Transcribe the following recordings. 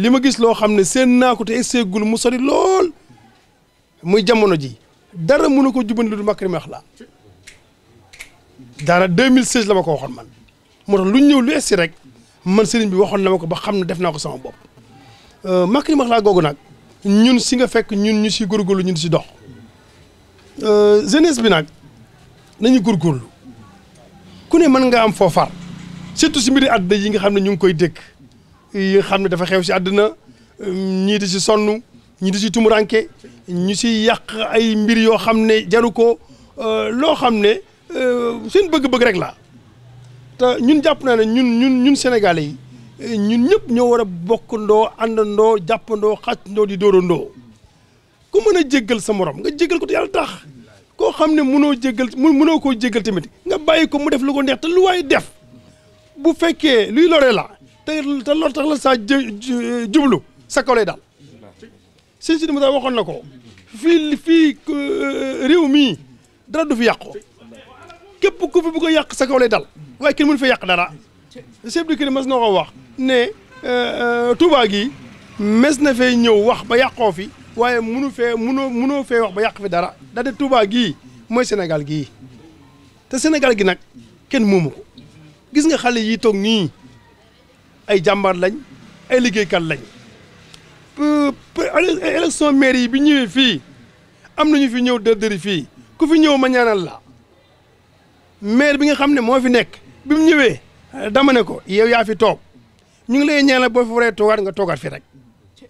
li ma gis loo xam ne seen naa ko te seegul mu sori lool muy jamono ji dara mënu ko jubbanti lu dul Makarimal Axlaaq dara 2016 la ma ko waxoon man moo tax lu ñëw lu essi rek man sëriñ bi waxoon na ma ko ba xam ne def naa ko sama bopp euh, Makarimal Axlaaq googu nag ñun si nga fekk ñun ñu si góorgóorlu ñun si dox euh, jeunesse bi nag nañu góorgóorlu ku ne mën nga am foofar surtout si mbiri àddina yi nga xam ne ñu ngi koy dégg yi nga xam ne dafa xew si àddina ñii di si sonn ñii di si tumuranke ñu si yàq ay mbir yoo xam ne jaru ko euh, loo xam ne euh, seen bëgg-bëgg rek la te ñun jàpp naa ne ñun ñun ñun sénégalais yi ñun ñëpp ñoo war a bokkandoo àndandoo jàppandoo xàccandoo di dóorandoo ko mën a jéggal sa morom nga jéggal ko te yàlla tax koo xam ne mënoo jéggal mënoo koo jéggal tamit nga bàyyi ko mu def lu ko neex te lu waay def bu fekkee luy lore la te te loolu tax la saa jublu sa kaw lay daal sëñ waxoon na ko fii fii euh, réew mii dara du fi yàqu képp ku fi bëgg a yàq sa kaw dal waaye kenn mënu fi yàq dara chef de kër mas na ko wax ne euh, euh, Touba gi mes na fee ñëw wax ba yàqoo fi waaye munu fee munoo munoo fee wax ba yàq fi dara daal de Touba gii mooy Sénégal gii te senegal gi nag kenn moomu ko gis nga xale yi toog nii ay jàmbaar lañ ay liggéeykat lañ élection maire yi bi ñëwee fii am nañu fi ñëw dërdëri fii ku fi ñëw ma ñaanal la maire bi nga xam ne moo fi nekk bi mu ñëwee dama ne ko yow yaa fi toog ñu ngi lay ñaanal boo fi waree toogaat nga toogaat fi rek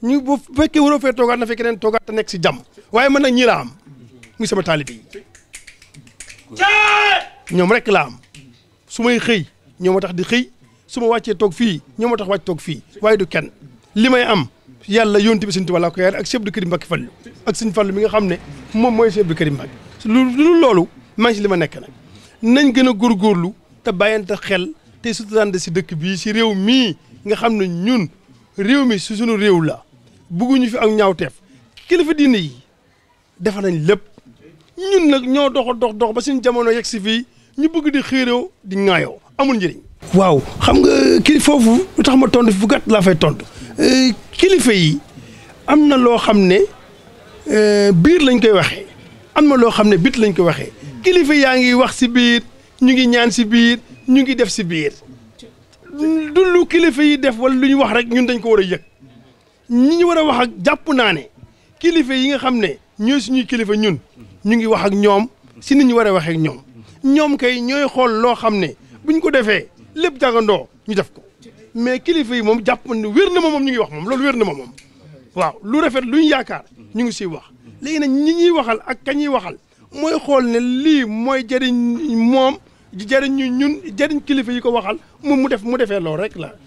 ñu bu fekkee waroo fee toogaat na fi keneen toogaat nekk si jàmm waaye man nag ñii laa am muy sama taalibe ñoom rek laa am su may xëy ñoom a tax di xëy su ma wàccee toog fii ñoo ma tax wàcc toog fii waaye du kenn li may am yàlla yónti bi sëñ Tuubaa laa ko yaare ak Cheikh Abdou Karim Mbacké Fallu ak sëñ Fallu mi nga xam ne moom mooy Cheikh Abdou Karim Mbacké lu lu loolu maa ngi si li ma nekk nag nañ gën a góorgóorlu te bàyyante xel te suturaante si dëkk bii si réew mii nga xam ne ñun réew mi si sunu réew la bugguñu fi ak ñaawteef kilifa diine yi defa nañ lépp ñun nag ñoo dox dox dox ba suñu jamono yegg si fii ñu bëgg di xiiroo di ŋaayoo amul njëriñ waaw xam nga kili foofu lu tax ma tontu bu gàtt laa fay tontu euh, kilifa yi am na loo xam ne euh, biir lañ koy waxee am na loo xam ne bit lañ koy waxee kilifa yaa ngi wax si biir ñu ngi ñaan si biir ñu ngi def si biir du lu kilifa yi def wala lu ñu wax rek ñun dañ ko war a yëg ñi ñu war a wax ak jàpp naa ne kilifa yi nga xam ne ñooy suñuy kilifa ñun ñu ngi wax ak ñoom si ni ñu war a waxee ak ñoom ñoom kay ñooy xool loo xam ne buñ ko defee. lépp jàngandoo ñu def ko mais kilifa yi moom jàpp ne wér na ma moom ñu ngi wax moom loolu wér na ma moom waaw lu rafet lu ñu yaakaar ñu ngi si wax léegi nag ñi ñuy waxal ak ka ñuy waxal mooy xool ne lii mooy jariñ moom jëriñ ñu ñun jariñ kilifa yi ko waxal moom mu def mu defee loolu rek la